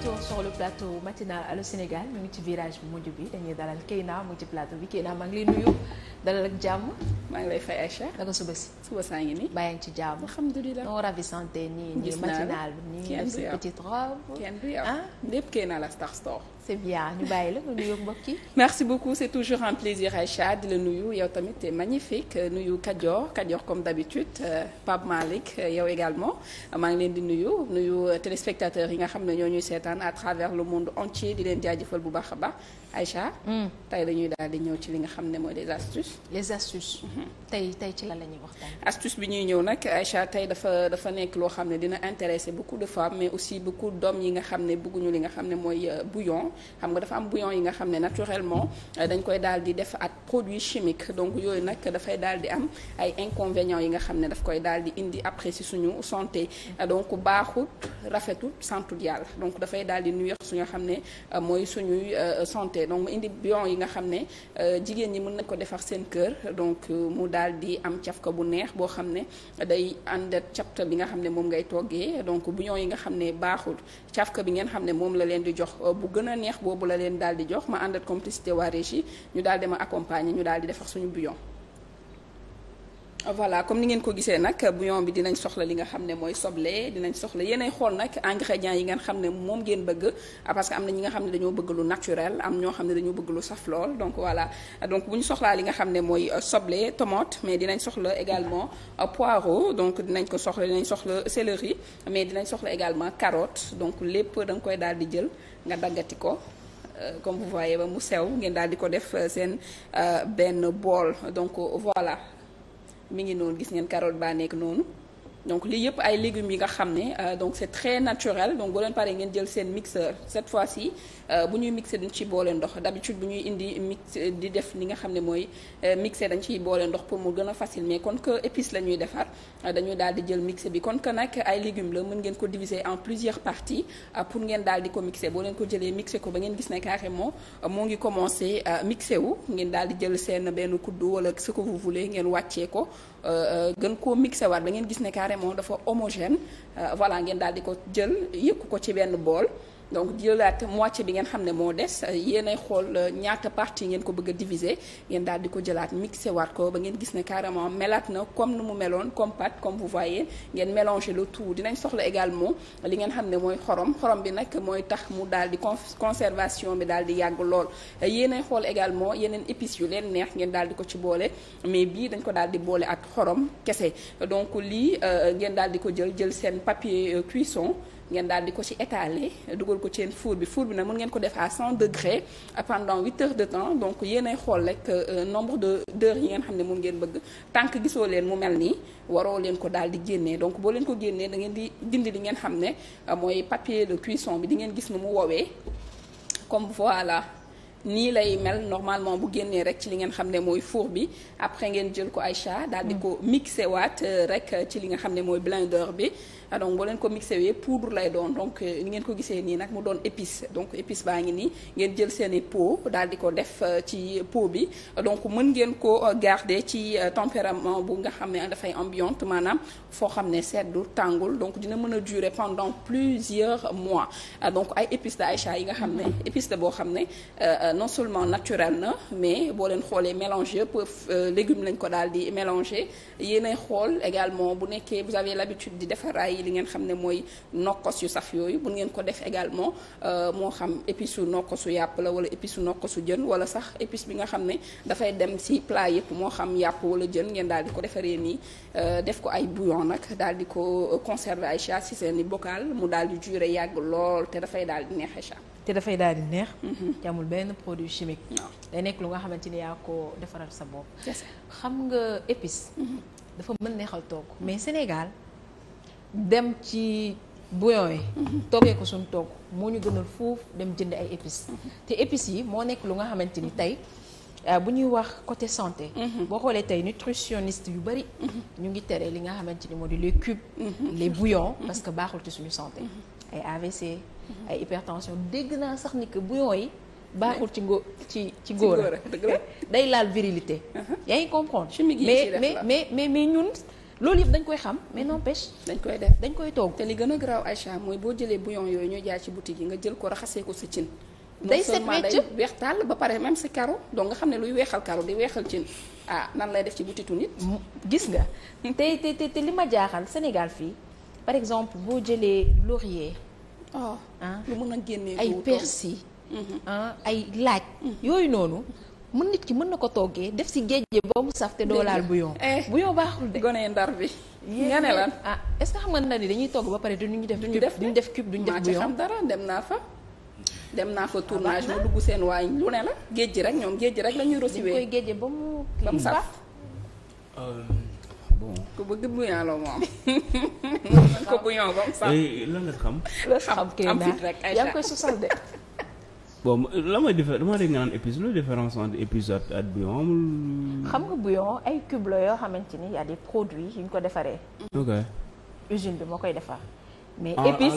retour sur le plateau matinal Allô Sénégal mu ngi ci virage bu mujj bi dañuy dalal Keyna mu ngi ci plateau bi Keyna maa ngi lay nuyu dalal ak jàmm. maa ngi lay fay Aïcha. naka suba si. suba saa ngi nii. bàyyi ngi ci jàmm. alhamdulilah non ravissante nii. nii matinal nii petite robe. kenn du a ah? lépp Keyna la Star Store. c'est ñu bàyyi la nga nuyoo mbokk yi. merci beaucoup c'est toujours un plaisir Aïcha di la nuyu yow tamit t'es magnifique nuyu Kajoor Kajoor comme d'habitude euh, Pape Malick euh, yow également maa ngi leen di nuyu nuyu euh, téléspectateurs yi nga xam ne ñoo ñuy seetaan à travers le monde entier di leen jaajëfal bu baax Aïcha. Hmm. tey dañuy daal di ñëw ci li nga xam ne mooy les astuces. les astuces. Mhm. tey tey ci la la ñuy waxtaan. astuce bi ñuy ñëw nag Aïcha tey dafa dafa nekk loo xam ne dina intéresser beaucoup de femmes mais aussi beaucoup d'hommes yi nga xam ne bëgguñu li nga xam ne mooy euh, bouillon xam nga dafa am buyon yi nga xam ne naturellement euh, dañ koy daal di def ak produit chimique donc yooyu nag dafay daal di am ay inconvénients yi nga xam ne daf koy daal di indi après si suñu santé donc baaxut. rafetu santul yàlla donc dafay daal di nuyu su nga xam ne euh, mooy suñuy euh, santé donc mu indi bion yi nga xam ne euh, jigéen ñi mën nañ ko defar seen kër donc mu daal di am cafka bu neex boo xam ne day ànd ak bi nga xam ne moom ngay toggee donc bion yi nga xam ne baaxul cafka bi ngeen xam ne moom la leen di jox bu gën a neex boobu la leen daal di jox ma ànd ak complicité waa régie ñu daal di ma accompagner ñu daal di defar suñu bion voilà comme ni ngeen ko gisee nag bouillon bi dinañ soxla li nga xam ne mooy soble dinañ soxla yéenay xool nag ingrédients yi ngeen xam ne moom ngeen bëgg ah, parce que am na ñi nga xam ne dañoo bëgg lu naturel am ñoo xam ne dañoo bëgg lu saf lool donc voilà donc bu ñu soxlaa li nga xam ne mooy euh, soble tomate mais dinañ soxla également euh, poireau donc dinañ ko soxla dinañ soxla céleri mais dinañ soxla également carotte donc lépp danga koy daal di jël nga daggati ko euh, comme vous ba mu sew ngeen daal di ko def seen benn bool donc voilà mi ngi noonu gis ngeen Carole Ba nekk noonu. donc lii yëpp ay légumes yi nga xam ne euh, donc c'est très naturel donc boo leen paree ngeen jël seen mixeur cette fois-ci euh, bu ñuy mixer dañu ciy boole ndox d'habitude bu ñuy indi mix di def li nga xam ne mooy euh, mixer dañ ciy boole ndox pour mu gën a facile mais kon que épice la ñuy defar dañuy daal jël mixer bi kon que nag ay légumes la mën ngeen ko diviser en plusieurs parties pour ngeen daal di ko mixer boo leen ko jëlee mixer ko ba ngeen gis ne carrément moo ngi commencer mixer wu ngeen daal di seen benn kuddu wala ce que vous voulez ngeen wàccee ko. Euh, euh, gën koo mixé waat ba ngeen gis ne carrément dafa homogène euh, voilà ngeen daal di ko jël yëkku ko ci benn bool donc jëlaat moitié bi ngeen xam ne moo des euh, yéenay xool euh, ñaata partie ngeen ko bëgg a diviser ngeen daal di ko jëlaat mixé waat ko ba ngeen gis ne carrément melaat na comme nu mu meloon comme pâte comme vous voyez ngeen mélanger le tout dinañ soxla également li ngeen xam ne mooy xorom xorom bi nag mooy tax mu daal di conservation bi daal di yàgg lool euh, yéenay xool également yeneen épice yu leen neex ngeen daal di ko ci boole mais bii dañ ko daal boole ak xorom kese donc lii ngeen daal di ko jël jël seen papier cuisson ngeen daal di ko ci étaler dugal ko ci four bi four bi nag mën ngeen ko def à 100 degrés pendant 8 heures de temps donc yéenay xool rek euh, nombre de d'heures yi ngeen xam ne moom ngeen bëgg tànk gisoo leen mu mel nii waroo leen ko daal di génnee donc boo leen ko génnee da ngeen di dindi li ngeen xam ne euh, mooy papier de cuisson bi di ngeen gis nu mu woowee comme voilà nii lay mel normalement bu génnee rek ci li ngeen xam ne mooy four bi après ngeen jël ko Aïcha daal di mm. ko mixé waat euh, rek ci li nga xam ne mooy blender bi ah donc boo leen ko mixé wee poudre lay doon donc euh, ni ngeen ko gisee nii nag mu doon épice donc épice baa ngi nii ngeen jël seeni i pot daal di ko def euh, ci pot bi donc mën ngeen ko euh, garde ci tempérament bu nga xam ne dafay ambiante maanaam foo xam ne seddu tàngul donc dina mën a durer pendant plusieurs mois ah, donc ay épices de Aïcha yi nga xam ne mm-hmm. épice de boo xam ne non seulement naturel na mais boo leen xoolee mélanger yëpp légumes lañ ko daal di mélanger yéenay xool également bu nekkee vous avez l'habitude di defar ay li ngeen xam ne mooy nokkos yu saf yooyu bu ngeen ko def également euh, moo xam épice su nokkosu yàpp la wala épice su nokkosu jën wala sax épice bi nga xam ne dafay dem ci plat yëpp moo xam yàpp wala jën ngeen daal di ko defaree nii euh, def ko ay bouillon nag daal di ko conserver ay chat ci seeni bocal mu daal di jure yàgg lool te dafay daal di neex neexee chat. te dafay daal di neex. Mm-hmm. te amul benn produit chimique. day nekk lu nga xamante ne yaa ko defaral sa bopp. xam nga épice. Mm-hmm. dafa mën neexal toog mais Sénégal. dem ci bouillon yi toggee ko suñ togg moo ñu gënal foofu dem jënd ay épices te épices yi moo nekk lu nga xamante ni tey euh, bu ñuy wax côté santé mhm. boo xoolee tey nutritionniste yu bari mhm. ñu ngi tere li nga xamante ni moo di les cubes mhm. les bouillons parce que baaxul ci suñu santé ay AVC ay hypertension dégg naa sax ni que bouillon yi baaxul ci ngo ci ci góor a day laal virilité uh-huh. yaa ngi comprendre mais mais mais mais ñun loolu yëpp dañ koy xam mais n'empêche dañ koy def dañ koy toog te li gën a garaaw Aïcha mooy boo jëlee bouillon yooyu ñooy jaay ci boutique yi nga jël ko raxasee ko sa cin day set day weex tàll ba pare même si karo donc nga xam ne luy weexal karo di weexal cin ah nan lay def ci butitu nit gis nga te te te li ma jaaxal Sénégal fii par exemple boo jëlee laurier oh, ah lu mën a génnee ay persil mhm. ah, ay laaj mhm. yooyu noonu mën nit ki mën na ko toggee def si géej gi ba mu saf te doo laal bu eh. bouillon baaxul di gone ndar bi nga ne lan ah est-ce que xamante na ni dañuy togg ba pare du ñu def cube duñu def cube duñu def bouillon xam dara dem naa fa dem naa fa ah, tournage ma seen waañ lu ne la géej gi rek ñoom géej gi rek la ñuy rosiwee koy géej ba mu ba mu saf bon ku bëgg bouillon la moom. ko bouillon ba mu saf eh, lan la xam. xam kii naa yaa koy sosal de. bon la mooy différence dama dégg nga naan épice lu différence entre épice ak ak bouillon amul. xam nga bouillon ay cube yoo xamante ni y a des produits yu ñu ko defaree. ok usine bi moo koy defar. mais ah, épice.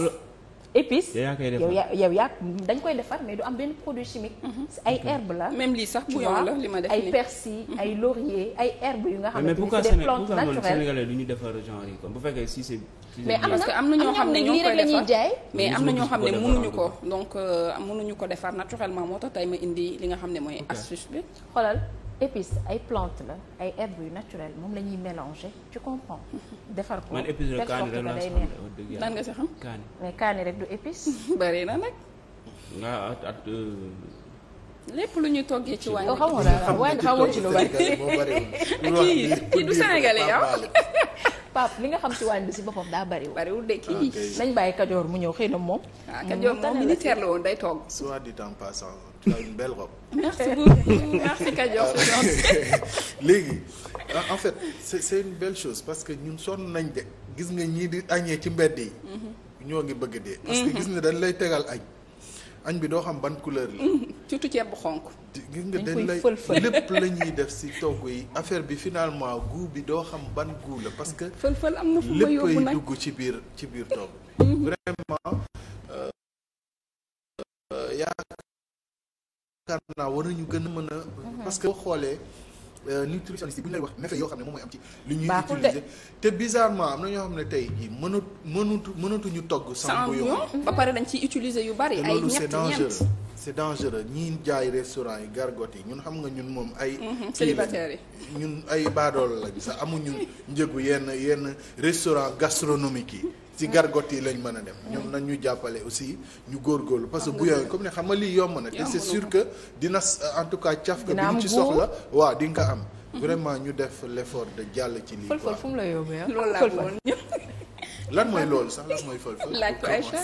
épice yow yaa yow yaa dañ koy defar mais du am benn produit chimique mhm. ay herbe la même lii sax bouillon la li ma def ay persil mhm. ay laurier ay herbe yu nga xam ne c'est des plantes naturelles sénégalais du ñu defar genre yi comme bu fekkee si c'est mais am na am na ñoo xam ne ñoo koy defar mais am na ñoo xam ne mënuñu ko donc euh, mënuñu ko defar naturellement moo tax tey ma indi li nga xam ne mooy astuce bi xoolal épices ay plantes la ay herbes yu naturelles moom la ñuy mélanger tu comprends. defar ko man épices la day neex lan nga si xam kaani. mais kaani rek du épice. bari na nag. Euh, lépp lu ñu toggee ci wàññi. Oh, xamoo dara waaye ci lu bari. kii du sénégalais yow. Pape li nga xam ci waañ bi si boppam daa bariwul. bariwul de ah, kii nañ bàyyi Kajoor mu ñëw xëy na moom. ah Kajoor moom militaire en passant tu as une belle robe. merci beaucoup merci Kajoor. léegi en fait c'est c'est une belle chose parce que ñun sonn nañ de gis nga ñii di añee ci mbedd yi. Mhm. ñoo ngi bëgg dee. parce que mhm. gis nga dañ lay tegal añ. añ bi doo xam ban couleur la. surtout ceeb bu xonk. gis nga dañ lay lépp la ñuy def si togg yi affaire bi finalement goût bi doo xam ban goût la parce que. fël-fël am na fu ma yóbbu nag léppay dugg ci biir ci biir togg bi. Mm-hmm. vraiment euh, euh, yaakaar naa war nañu gën a mën a. Mm-hmm. parce que boo xoolee. Euh, nutritionniste bu ñu lay wax méfait yoo xam ne moom mooy am ci li ñuy utiliser te bizarrement am na ñoo xam ne tey jii mënut mënut mënatuñu togg sans bouillon ba pare dañ ciy utiliser yu bari ay ñett ñeent c'est dangereux ñi jaay restaurant yi gargote yi ñun xam nga ñun moom ay mhm, célibataires yi ñun ay baadool lañ sax amuñu njëgu yenn yenn restaurant gastronomique yi si gargot yi lañ mën a dem. ñoom nañ ñu jàppale aussi ñu góorgóorlu parce que bu yooyu comme ne xam nga lii yomb na te c'est sûr que dina en tout cas caf ka bi ñu ci soxla waaw di nga ko am. Mm-hmm. vraiment ñu def l'effort de jàll ci lii. fël-fël fu mu la yóbbee ah? lan mooy loolu sax lan mooy fël-fël. laaj ko Aïcha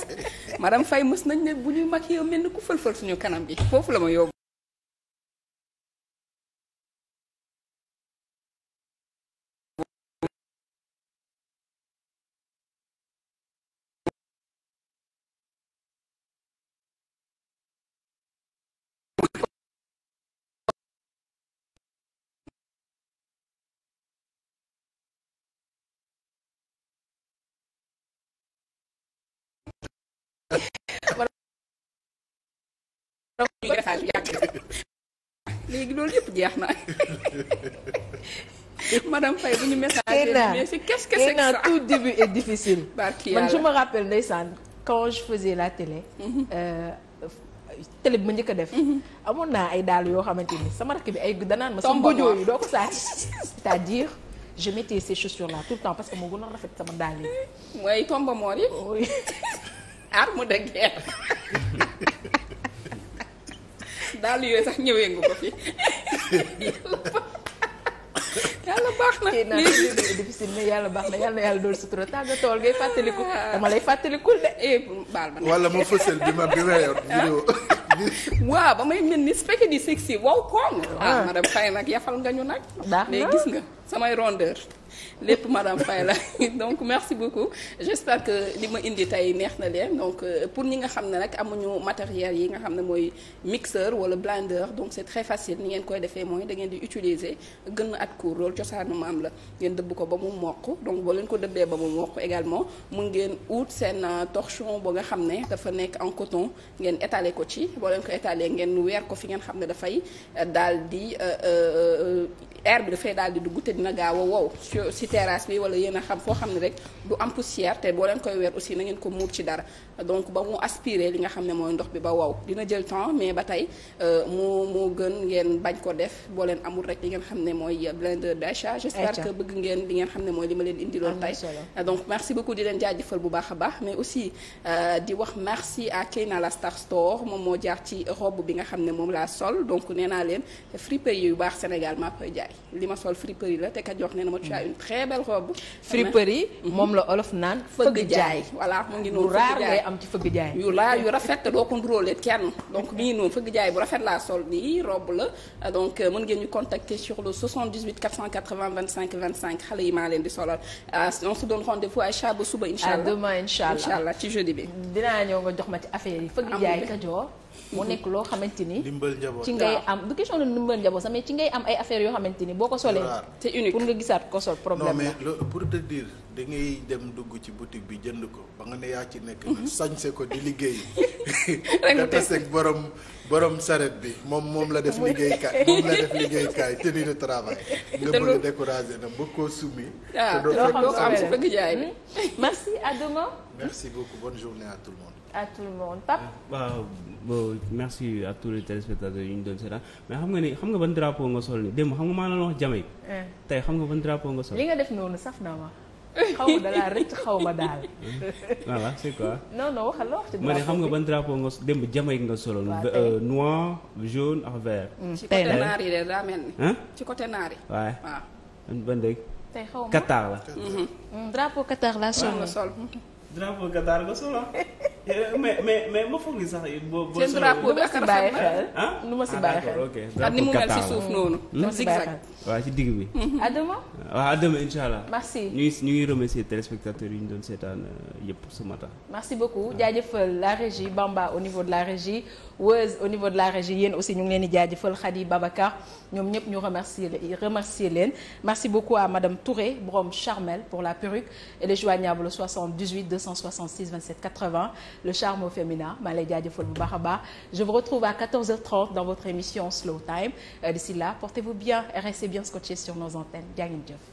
madame Faye mës nañ ne bu ñuy mag yow mel ni ku fël-fël suñu kanam bi foofu la ma yóbbu. léegi loolu yëpp jeex na madame Faye bu ñu message mais c'est qu'est-ce que tout début est difficile man je me rappelle ndeysaan quand je faisais la télé mhm. euh, télé bi ma njëkk def mhm. amoon naa ay dàll yoo xamante ni sama rakk bi ay danaan ma sama bojoo yi doo ko sàcc c'est-à-dire je mettais ces tout le temps parce que moo gën a rafet sama daal yi mooy tomba moor yi arme de guerre daal yooyu sax ñëwee nga ko fi yàlla baax na kii naan yàlla baax na yàlla na yàlla dool tool ngay fàttaliku ah. dama lay fàttalikul de eh, baal ma wala ma fësal bi ma bi ma yor vidéo waaw ba may mel ni specté di sexy wow koom ah. ah madame Faye nag yafal nga ñu nag mais gis nga samay rondeur lépp madame Faye la donc merci beaucoup j'espère que li ma indi tey neex na leen donc euh, pour ñi nga xam ne nag amuñu matériel yi nga xam ne mooy mixeur wala blender donc c'est très facile ni ngeen koy defee mooy dangeen di utiliser gën at kuur loolu cosaanu maam la ngeen dëbb ko ba mu mokk donc boo leen ko dëbbee ba mu mokk également mu ngeen ut seen euh, torchon ba nga xam ne dafa nekk en coton ngeen étaler ko ci boo leen ko étaler ngeen weer ko fi ngeen xam ne dafay euh, daal di air bi dafay daal di dugg dina gaaw a wow si terrasse bi wala yéen a xam foo xam ne rek du am poussière te boo leen koy weer aussi na ngeen ko muur ci dara donc ba mu aspiré li nga xam ne mooy ndox bi ba wow dina jël temps mais ba tey euh, mu mu gën ngeen bañ ko def boo leen amul rek li ngeen xam ne mooy blender d'achat j'espère bëgg ngeen li ngeen xam ne mooy li ma leen indiloon tey donc merci beaucoup di leen jaajëfal bu baax a baax mais aussi euh, di wax merci à Keyna la Star Store moom moo jaar ci robe bi nga xam ne moom laa sol donc nee naa leen friperie yu baax Sénégal maa koy jaay li ma sol friperie la jox nee na ma tu as mm. très belle robe. friperie moom la olof naan. fëgg jaay voilà mu ngi noonu. fëgg jaay am ci fëgg yu laa yu rafet doo ko nduróole kenn donc mi ngi noonu fëgg jaay bu rafet laa sol nii robe la donc euh, mën ngeen ñu contacter sur le 78 480 25 25 xale yi maa leen di solal euh, on se donne rendez-vous à Chaba suba incha allah à demain incha allah ci jeudi bi. dinaa ñëw nga jox ma ci affaire yi fëgg jaay Kajoor. mu nekk loo xamante ni ci ngay am du question de ndimbal njaboot sax mais ci ngay am ay affaires yoo xamante ni boo ko solee c'est unique pour nga gisaat ko sol problème non mais pour te dire da ngay dem dugg ci boutique bi jënd ko ba nga ne yaa ci nekk na mhm. sañse ko di liggéey nga taseeg borom borom saret bi moom moom la def liggéeykaay moom la def liggéeykaay tenue de travail nga bëgg a na ba koo summi ah, te doo fekk am si bëgg jaay merci à demain merci beaucoup bonne journée à tout à tout le monde Pape. Ah, waaw bon merci à tous les téléspectateurs yu ñu doon seetaan mais xam nga ni xam nga ban drapeau nga sol ni démb xam nga maa la wax Jamaïque. Eh. tey xam nga ban drapeau nga sol. li nga def noonu saf na ma. xaw ma da laa rëcc xaw ma daal. voilà c'est quoi. non non a la wax ci drapeau bi ma ne xam nga ban drapeau nga démb Jamaïque nga soloon. Euh, noir jaune ak vert. Hmm, tey nag ci côté naar yi de daa mel ni. ci côté naar yi. waaw waaw. Mhm. Hmm, drapeau Qatar laa solo. Eh, mais mais mais ma foog ni sax eh, boo boo. seen drapeau bi ak xel. nu ah? ma si ah, bàyyi xel ak ni mu mel si ci hmm? digg bi. Hmm. à demain. waaw à allah. merci ñu ngi ñu ngi remercier téléspectateurs yi ñu doon seetaan euh, yëpp ce matin. merci beaucoup jaajëfal la régie Bamba au niveau de la régie Weuz au niveau de la régie yéen aussi ñu ngi leen di jaajëfal Khady Babacar ñoom ñëpp ñu remercier remercier leen merci beaucoup à madame Touré borom Charmel pour la perruque e est joignable au 78 266 le charme au féminin maa lay jaajëfal bu baax a baax je vous retrouve à 14h30 dans votre émission Slow Time euh, d'ici là portez-vous bien et restez bien scotchés sur nos antennes jaa ngeen jëf